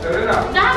Serena.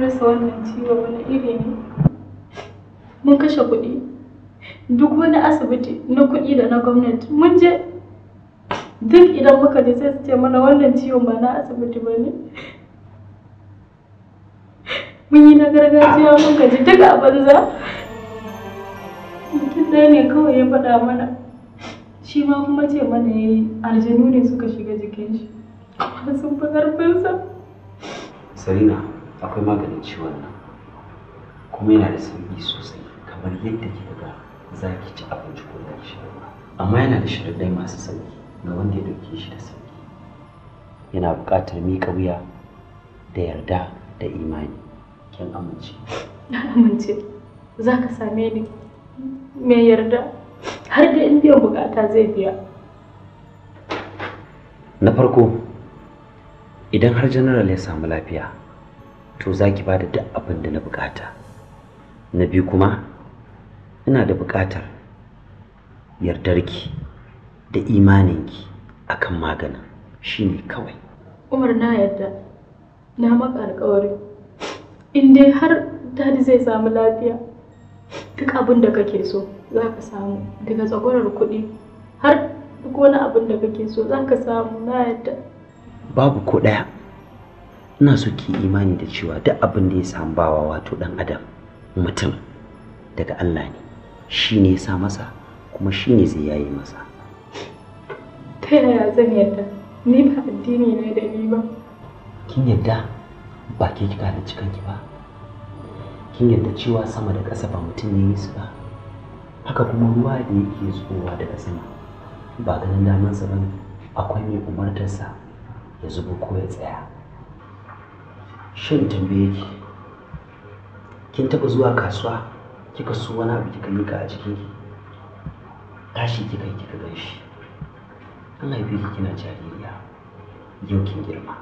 rasa wannan ciwo wani iri ne mun kashe kuɗi duk wani asibiti na kuɗi da na gwamnati mun je duk idan muka je sai su ce mana wannan ciwon ba na asibiti ba ne mun yi na gargajiya mun gaji duk a banza mutum ɗaya ne kawai ya faɗa mana shi ma kuma ce mana ya yi aljanu ne suka shiga jikin shi kuma sun fi ƙarfinsa Sarina, akwai maganin ciwon nan kuma yana da sauki sosai kamar yadda ke daga za ki ci abinci ko za ki sha amma yana da sharaɗai masu sauki ga wanda ya ɗauke shi da sauki yana buƙatar miƙa wuya da yarda da imani kin amince na amince za ka same ni mai yarda har da in biyan buƙata zai biya na farko idan har general ya samu lafiya to za ki bada duk abin da na bukata na biyu kuma ina da bukatar ki da ki akan maganin shine kawai umar na yarda na maka alkawari in dai har dadi zai samu lafiya duk abin da kake so za ka samu daga tsakwarar kuɗi har duk wani abin da kake so za ka samu na yarda babu ko ɗaya ina so ki imani da cewa duk abin da ya samu bawa wato dan adam mutum daga Allah ne shi ne ya sa masa kuma shi ne zai yaye masa ta yaya zan yarda? ni ba addini ne da ni ba kin yarda ba ke kika da ki ba kin yarda cewa sama da ƙasa ba mutum ne yi su ba haka kuma ruwa da yake tsowa daga sama ba ganin damansa ba akwai mai umartarsa ya zubo ko ya tsaya shin tambaye ki kin taɓa zuwa kasuwa kika so wani abu kika ka a cikin ki tashi kika yi kika gan shi an haife ki kina jaririya yau kin girma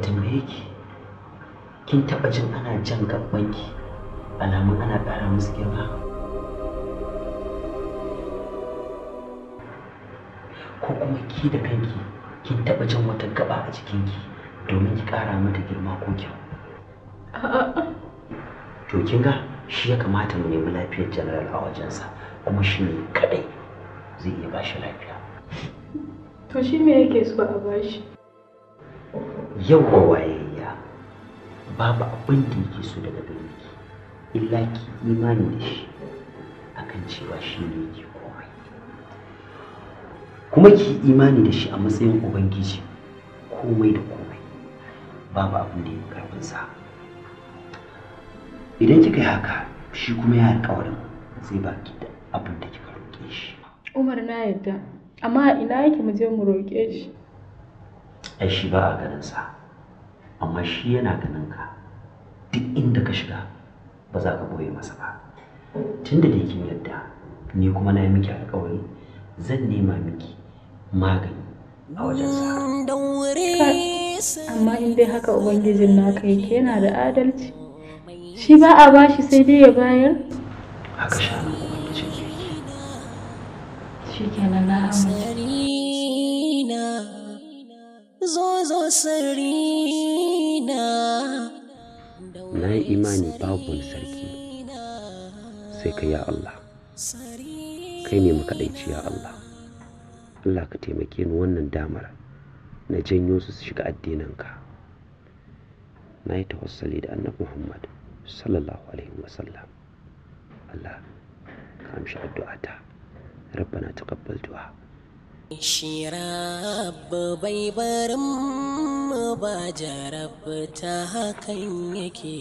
tambaye ki kin taɓa jin ana jan gaban ki alamun ana ƙara musu girma ko kuma ki da kanki kin taɓa jin wata gaba a jikinki ki domin ki ƙara mata girma ko kyau to kin ga shi ya kamata mu nemi lafiyar general a wajensa kuma shi ne kadai zai iya bashi lafiya to shi me yake so a bashi yau wayayya babu abin da yake so daga gare ki illa ki imani da shi akan cewa shi ne yake komai kuma ki imani da shi a matsayin ubangiji komai da komai babu abin da ya karfin sa idan kika yi haka shi kuma ya alƙawarin zai baki da abin da kika roƙe shi Umar na yarda, amma ina yake mu je mu roƙe shi ai shi ba a ganin sa amma shi yana ganin ka duk inda ka shiga ba za ka boye masa ba tunda da kin yarda, ni kuma na yi miki alƙawari zan nema miki magani a wajensa. amma in dai haka ubangijin naka yake yana da adalci shi ba a bashi sai dai ya bayar haka shanu shi kenan na amince na yi imani babu wani sarki sai ka ya Allah kai ne makaɗaici ya Allah Allah ka taimake ni wannan damar na janyo su su shiga addininka na yi tawassali da annabi muhammad sallallahu alaihi wasallam allah ka amshi ta rabbana taqabbal du'a shira rabu bai barin mu ba jarabta hakan yake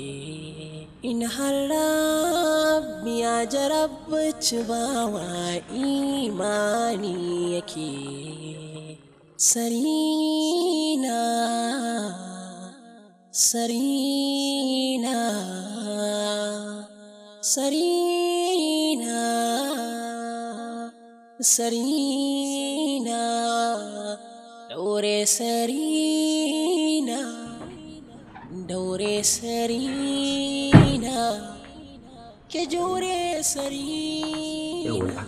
in har rabbi ya jarabci wa imani yake Sarina Sarina Sarina Sarina Daure Sarina Daure Sarina Ke jure Sarina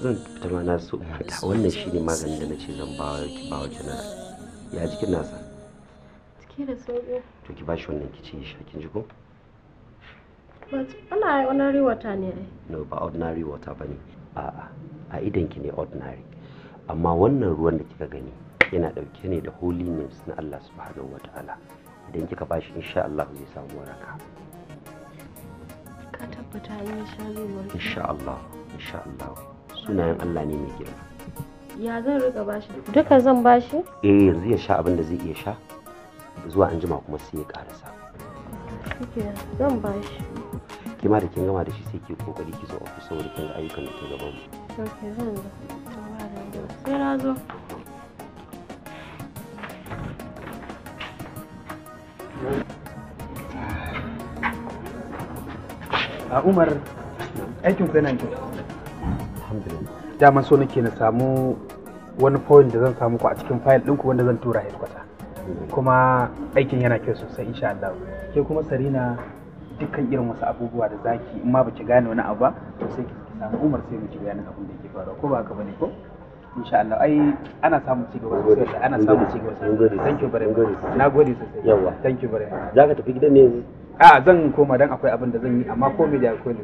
zan fita ma na so mata wannan ne maganin da nace zan ba ki ba wa janar ya jikin nasa jiki da sauki to ki ba shi wannan ki ce shi kin ji ko but ana ordinary water ne ai no ba ordinary water bane a'a a idan ki ne ordinary amma wannan ruwan da kika gani yana dauke ne da holy names na Allah subhanahu wataala idan kika ba shi insha Allah zai samu waraka ka tabbata insha Allah insha Allah insha Allah sunayen Allah ne mai girma ya zan rika bashi duka zan bashi eh yanzu ya sha abin da zai iya sha zuwa an jima kuma sai ya karasa zan bashi ki ma da kin gama da shi sai ki kokari ki zo kusa saboda kin ga ayyukan da ke gaban mu zan zo sai na zo a umar aikin kwanan kyau alhamdulillah dama so nake na samu wani point da zan samu ku a cikin file ɗinku wanda zan tura headquarter kuma aikin yana kyau sosai insha Allah ke kuma Sarina dukkan irin wasu abubuwa da zaki in ma baki gane wani abu ba to sai ki samu Umar sai miki bayanin abin da yake faruwa ko ba haka bane ko insha Allah ai ana samun ci gaba sosai ana samun ci gaba sosai thank you very much nagode sosai yawa thank you very much zaka tafi gidan ne yanzu a zan koma dan akwai abin da zan yi amma komai da akwai ne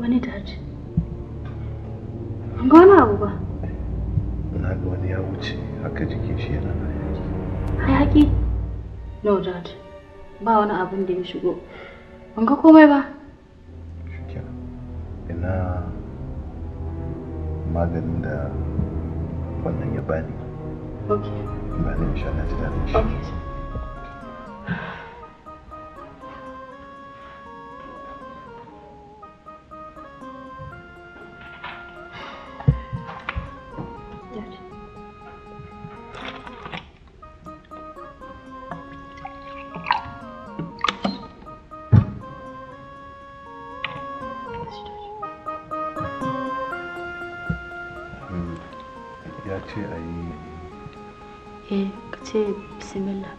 wani daji ga wani abu ba na ga wani ya wuce haka jikin shi yana hayaki hayaki no dad ba wani abin da ya shigo ban ga komai ba ina maganin da wannan ya bani ba zai sha na ji daɗin shi ya ce a yi eh ka ce bismillah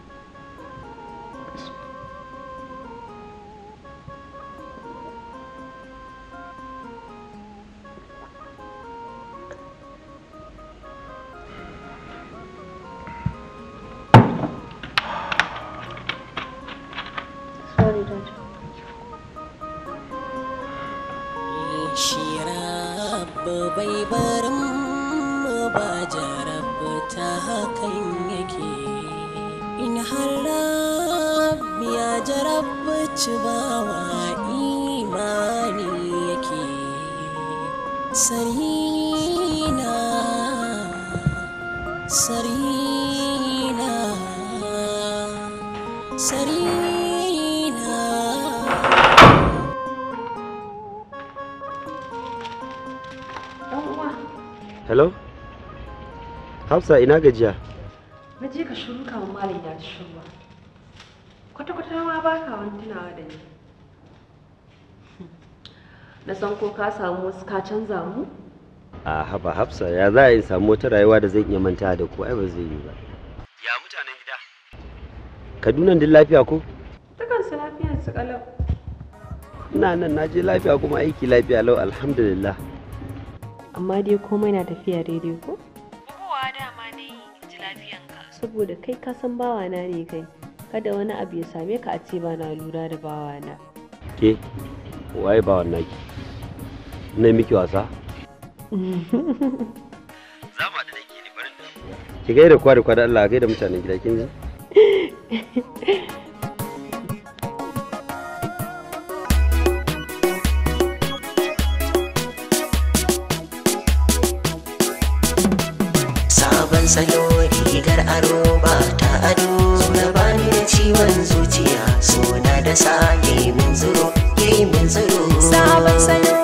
hello hafsa ina gajiya na je ka shuru kama malam da ci kwata-kwata ma ba ka wani tunawa da ni na san ko ka samu wasu ka canza mu a haba hafsa ya za a yi samu wata rayuwa da zan iya manta da ko ai ba zai yi ba ya mutanen gida Kaduna din lafiya ko dukansu lafiyar su kalau ina nan na je lafiya kuma aiki lafiya lau alhamdulillah amma dai komai na tafiya daidai ko? kowa dama ne ji lafiyanka. Saboda kai ka san bawana ne kai, kada wani abu ya same ka a ce ba na lura da bawana. Ke, waye bawan ki Na miki wasa? Zama da nake ne barin da. Ki gaida kwa da kwa da Allah, gaida mutanen gida kin ji? salo rigar aroba ta ado na bani da ciwon zuciya suna da sa ke min zuro ke min zuro sabon salo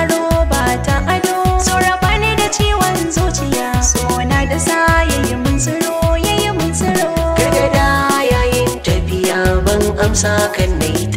aroba ta ado sura da ciwon zuciya suna da sa yayi yayi min zuro kada da yayin tafiya ban amsa kan nayi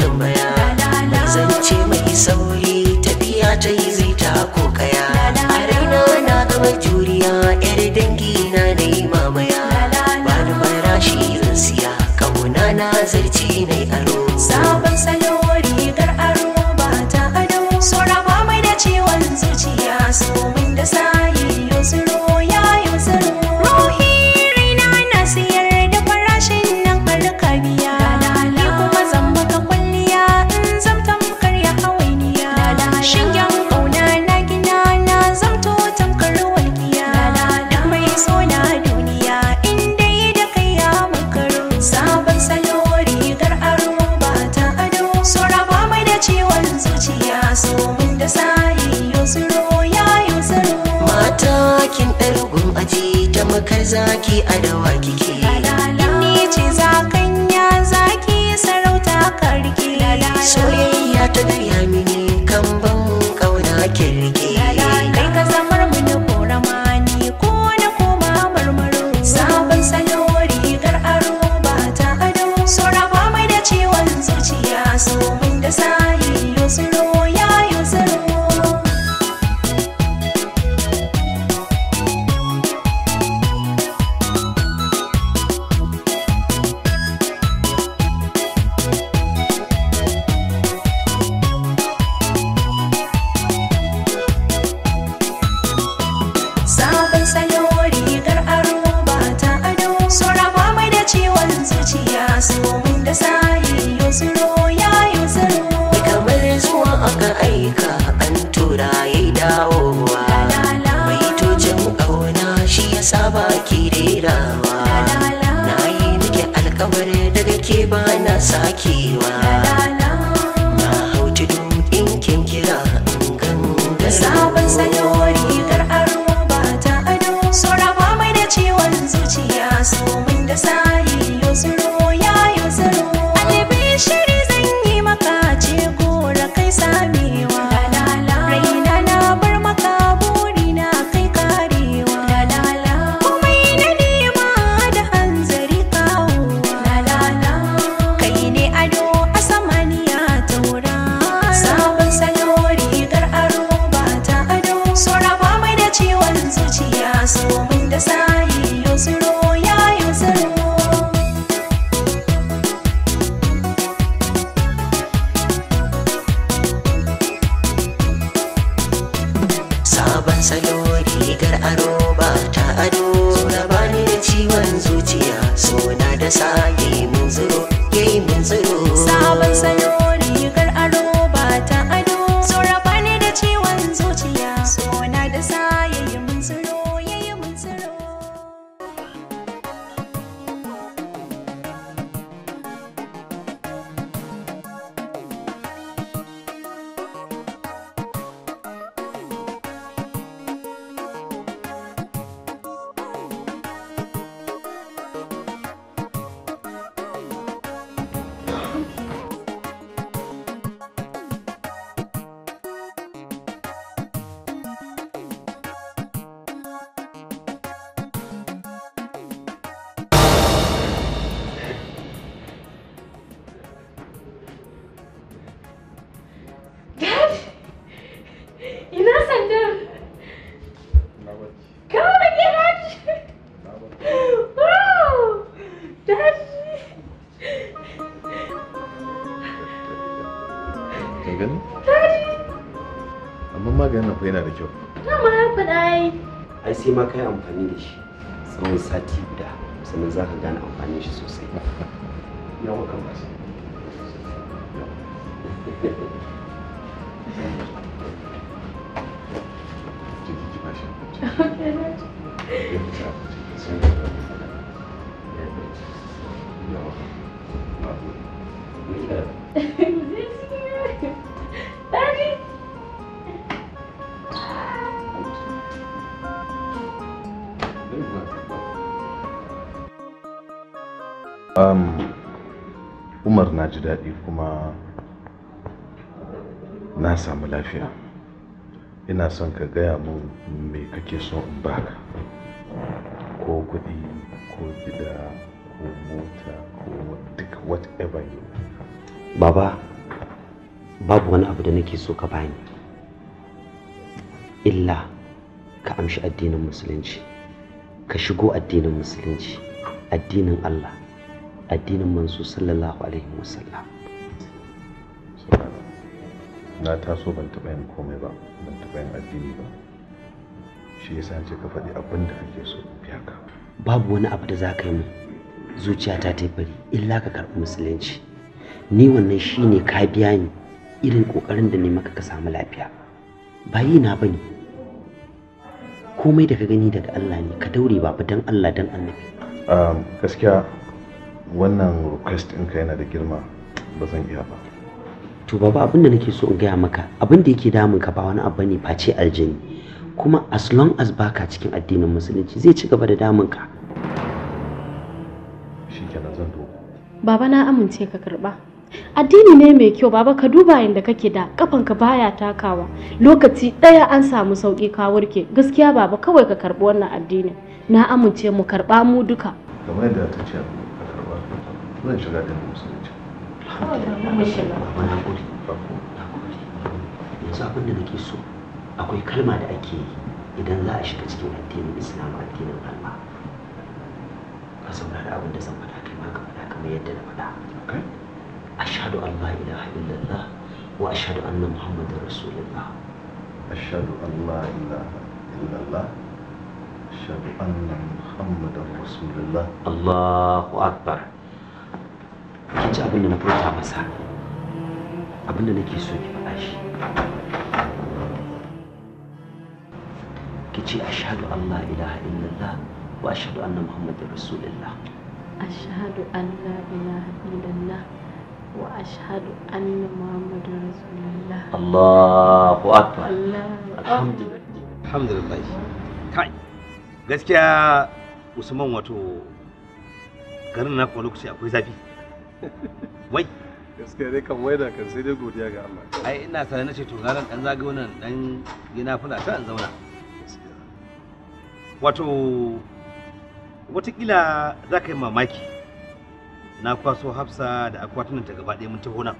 ensayo nan fa yana da kyau dama ya faɗa yi ai sai ma kai amfani da shi tsawon sati guda sannan za ka gane amfani shi sosai yawa kan ba shi Yeah. ji daɗi kuma na samu lafiya ina son ka gaya mun me kake son in baka ko kuɗi ko gida ko mota ko duk whatever you baba babu wani abu da nake so ka bani illa ka amshi addinin musulunci ka shigo addinin musulunci addinin allah addinin manzo sallallahu alaihi wasallam na taso ban taɓa yin komai ba ban taɓa yin addini ba shi yasa ce ka faɗi abin da kake so biya ka babu wani abu da za ka yi zuciyata ta bari illa ka karɓi musulunci ni wannan shine ka biya ni irin ƙoƙarin da ne maka ka samu lafiya ba yi na bane komai da ka gani daga Allah ne ka daure ba dan Allah dan annabi gaskiya wannan request ɗinka yana da girma ba zan iya ba to baba abin da nake so in gaya maka abin da yake damun ka ba wani abu ne face aljini kuma as long as baka cikin addinin musulunci zai ci gaba da damun ka shikenan zan do baba na amince ka karba addini ne mai kyau baba ka duba yadda kake da kafanka baya takawa lokaci daya an samu sauki ka warke gaskiya baba kawai ka karbi wannan addinin na amince mu karba mu duka kamar yadda ta ce wannan shiga da musulunci yanzu abin da nake so akwai kalma da ake yi idan za a shiga cikin addinin islam addinin allah ka da abin da zan faɗa kai ma ka faɗa kamar yadda na faɗa ashhadu an la ilaha illallah wa ashhadu anna muhammadar rasulullah ashhadu an la ilaha illallah ashhadu anna muhammadar rasulullah allahu akbar ci abin da na furta masa abin da nake so ki faɗa shi ki ce ashhadu an la ilaha illallah wa ashhadu anna muhammadar rasulullah ashhadu an la ilaha illallah wa ashhadu anna muhammadar rasulullah Allahu akbar alhamdulillah alhamdulillah kai gaskiya usman wato garin na kuma lokaci akwai zafi wai gaskiya dai kan waida kan sai dai godiya ga Allah ai ina sanar na ce to garan dan zaga wannan dan gina fula ta an zauna wato watakila za ka yi mamaki na kwaso hafsa da akwatunan ta gaba ɗaya mun taho nan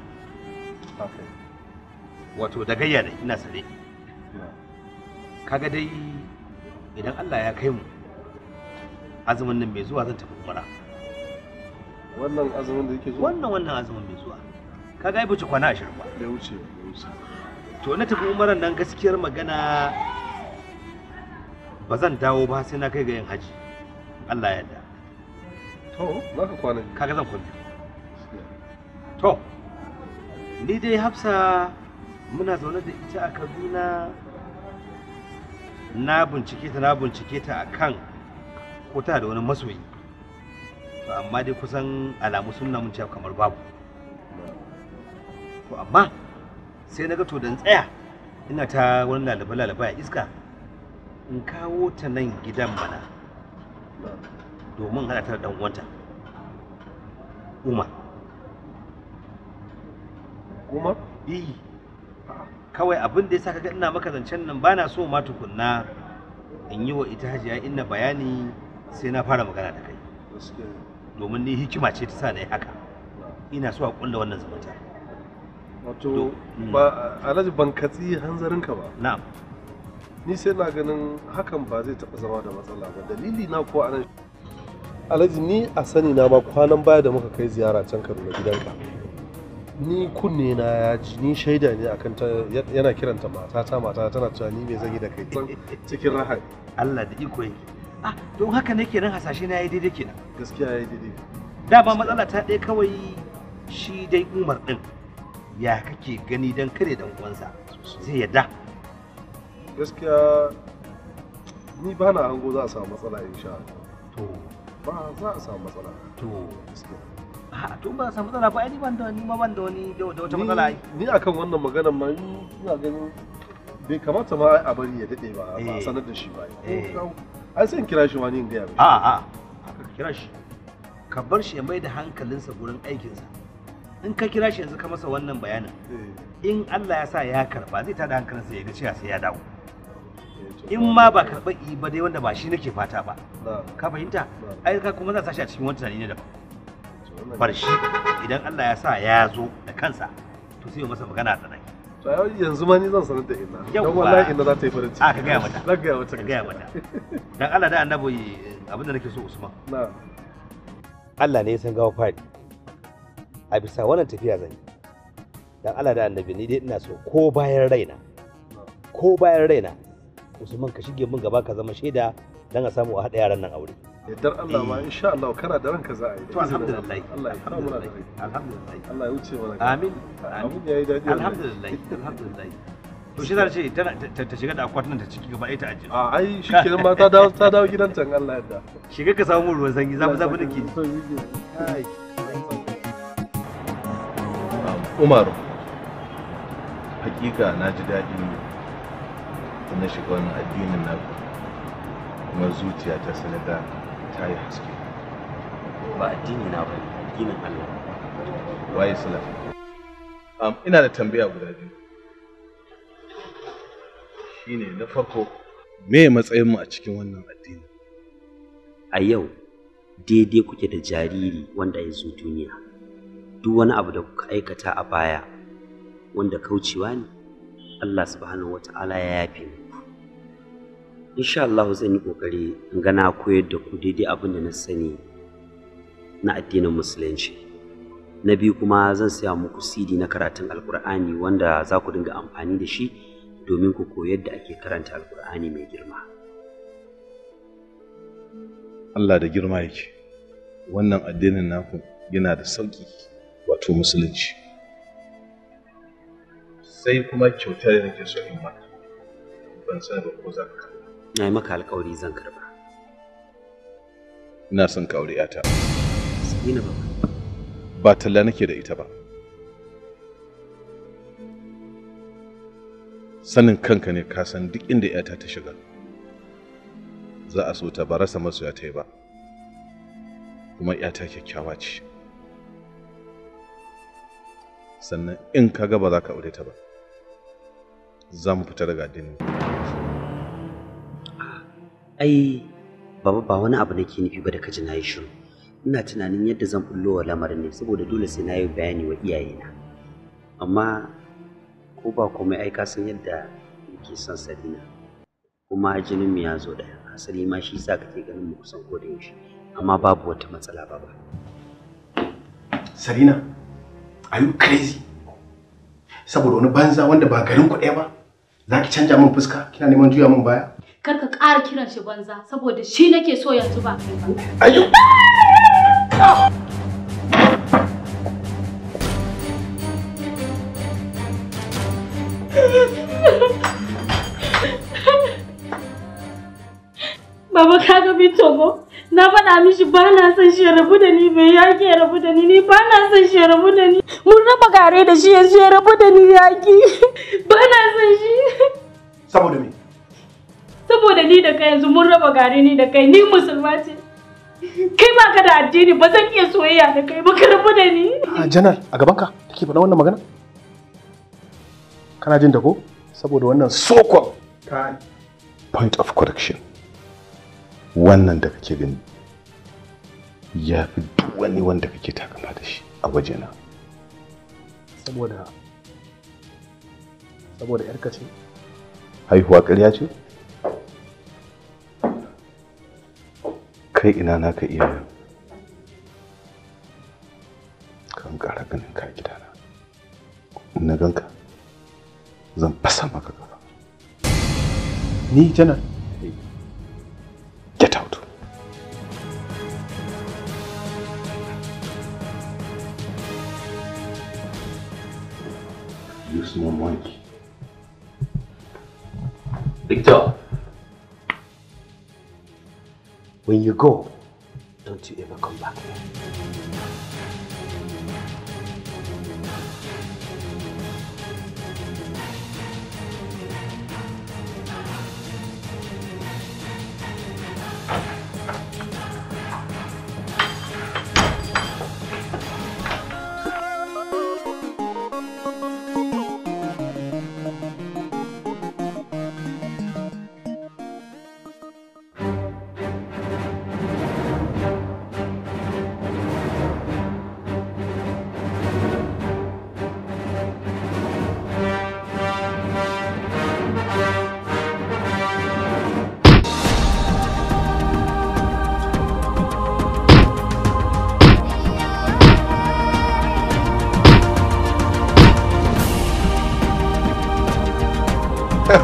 wato da gayya da ina sare kaga dai idan Allah ya kai mu azumin nan mai zuwa zan tafi umara wannan azumin da yake zuwa wannan wannan azumin mai zuwa kaga ya bace kwana ashirin ba ya wuce ya wuce to na tafi umaran nan gaskiyar magana ba zan dawo ba sai na kai ga yin haji Allah ya yarda to za ka kwana kaga zan kwana to ni dai hafsa muna zaune da ita a kaduna na bincike ta na bincike ta akan ko ta da wani masoyi amma dai kusan alamu sun mun cewa kamar babu to amma sai na ga to dan tsaya ina ta wani lalaba-lalaba a iska in kawo ta nan gidan mana domin haɗa ta dan uwanta kuma kuma eh. kawai abin da ya sa kaga ina maka zancen nan bana so ma tukunna in yi wa ita hajiya inna bayani sai na fara magana da kai domin ni hikima ce ta sa na yi haka ina so a kulla wannan zumunta wato ba mm. alhaji ban katsi hanzarinka ba na'am ni sai na ganin hakan ba zai taɓa zama da matsala ba dalili na ko anan alhaji ni a sani na ba kwanan baya da muka kai ziyara can kaduna gidanka ni kunne na ya ji ni shaida ne akan ta yana kiranta matata matata tana cewa ni me yi da kai cikin raha Allah da iko a ah, don haka ne kenan hasashe na yayi daidai kenan gaskiya yayi daidai ba matsala ta ɗaya kawai shi dai umar din ya kake gani don kare dan uwansa zai yadda gaskiya ni ba na hango za a samu matsala insha to ba za a samu matsala to gaskiya a to ba a samu matsala ba ni ban da ni ma ban da wani da wata matsala ai ni akan wannan maganar ma ni ina ganin bai kamata ma a bari ya dade ba ba eh. sanar da shi ba eh. ai sai kira shi wani in gaya ah, ah. a a ka kira shi ka bar shi ya mai da hankalinsa gurin aikinsa in ka kira shi yanzu ka masa wannan bayanin eh. in Allah ya sa ya karba zai tada hankalinsa ya ga cewa sai ya dawo eh, in ma ba karɓar yi ba dai wanda ba shi nake fata ba ka fahimta ai ka kuma za sa shi a cikin wani tunani ne daban bar shi idan Allah ya sa ya zo da kansa to sai masa magana a tsanaki to yanzu ma ni zan sanar da ina don wallahi ina za ta yi farin ciki a ah, ka gaya mata zan gaya mata ka gaya mata dan Allah da annabi abin da nake so Usman na Allah ne ya san gawa fadi a bisa wannan tafiya zan yi dan Allah da annabi ni dai ina so ko bayan raina ko bayan raina Usman ka shige min gaba ka zama shaida dan a samu a haɗa yaran nan aure yaddar Allah ma eh. insha Allah kana da ranka za a yi to alhamdulillah Allah ya fara mana da rai alhamdulillah Allah ya wuce mana amin amin yayi dadi alhamdulillah alhamdulillah to shi zai ce ta shiga da akwatin ta ciki gaba ita ajiye a ah, ai shi ma ta dawo ta dawo gidan can Allah yadda shiga ka samu ruwan sanyi zafi zafi nake ji ai Umaru hakika na ji daɗi na shiga wannan addinin na kuma zuciya ta sanada ta yi haske ba addini na ba addinin Allah waye salaf um, ina da tambaya guda biyu shine na farko me matsayin mu a cikin wannan addini a yau daidai kuke da jariri wanda ya zo duniya duk wani abu da kuka aikata a baya wanda kaucewa ne Allah subhanahu wata'ala ya yafe mu insha Allah zan yi kokari in ga na koyar da ku daidai abin da na sani na addinin musulunci na biyu kuma zan saya muku CD na karatun alkur'ani wanda za ku dinga amfani da shi domin ku koyar da ake karanta alkur'ani mai girma Allah da girma yake wannan addinin naku yana da sauki wato musulunci sai kuma kyautar da nake so in maka ban sani ba ko za ka na maka alkawari zan karba ina son ka aure yata sabina baba ba talla nake da ita ba sanin kanka ne ka san duk inda yata ta shiga za a so ta ba rasa masoya ta yi ba kuma yata kyakkyawa ce sannan in ka ga ba za ka aure ta ba za mu fita daga addinin ai baba ba wani abu nake nufi ba da kaji na yi shiru ina tunanin yadda zan bullo wa lamarin ne saboda dole sai na yi bayani wa iyaye na, amma ko ba komai ai ka san yadda nake son Sabina kuma jinin mu ya zo daya asali ma shi sa kake ganin mu kusan ko da yaushe amma babu wata matsala ba ba sabina are you crazy saboda wani banza wanda ba garin ku ɗaya ba za ki canja min fuska kina neman juya min baya kar ka ƙara kiran shi banza saboda shi nake so yanzu ba kai ba Baba ka ga Bitogo na faɗa mishi ba na son shi rabu da ni bai yaƙi ya rabu da ni ni ba na son shi rabu da ni mun raba gare da shi yanzu ya rabu da ni yaƙi ba na son shi. Saboda me? saboda ni da kai yanzu mun raba gari ni da kai ni musulma ce kai ba ka da addini ba zan iya soyayya da kai ba ka rabu da ni ah, a janar a gaban ka take faɗa wannan magana kana jin da saboda wannan sokon point of correction wannan da kake gani ya fi duk wani wanda kake takama da shi a wajena saboda saboda yarka ce haihuwa ƙarya ce kai ina naka iya kan ƙara ganin ka gidana na ganka zan fasa maka gaba ni janar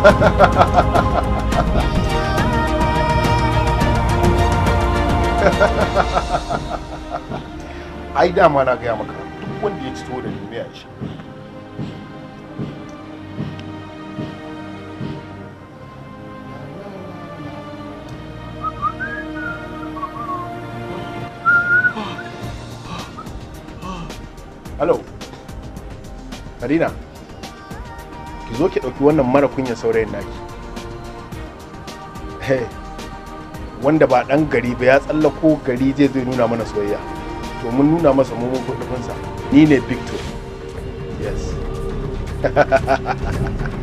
ai dama na gaya maka duk wanda ya ci tuwo da limi a ci Hello, Karina. ki zo ki ɗauki wannan mara kunyan saurayin naki he wanda ba ɗan gari ba ya tsallako gari zai zai nuna mana soyayya to mun nuna masa mu mun ni ne victor yes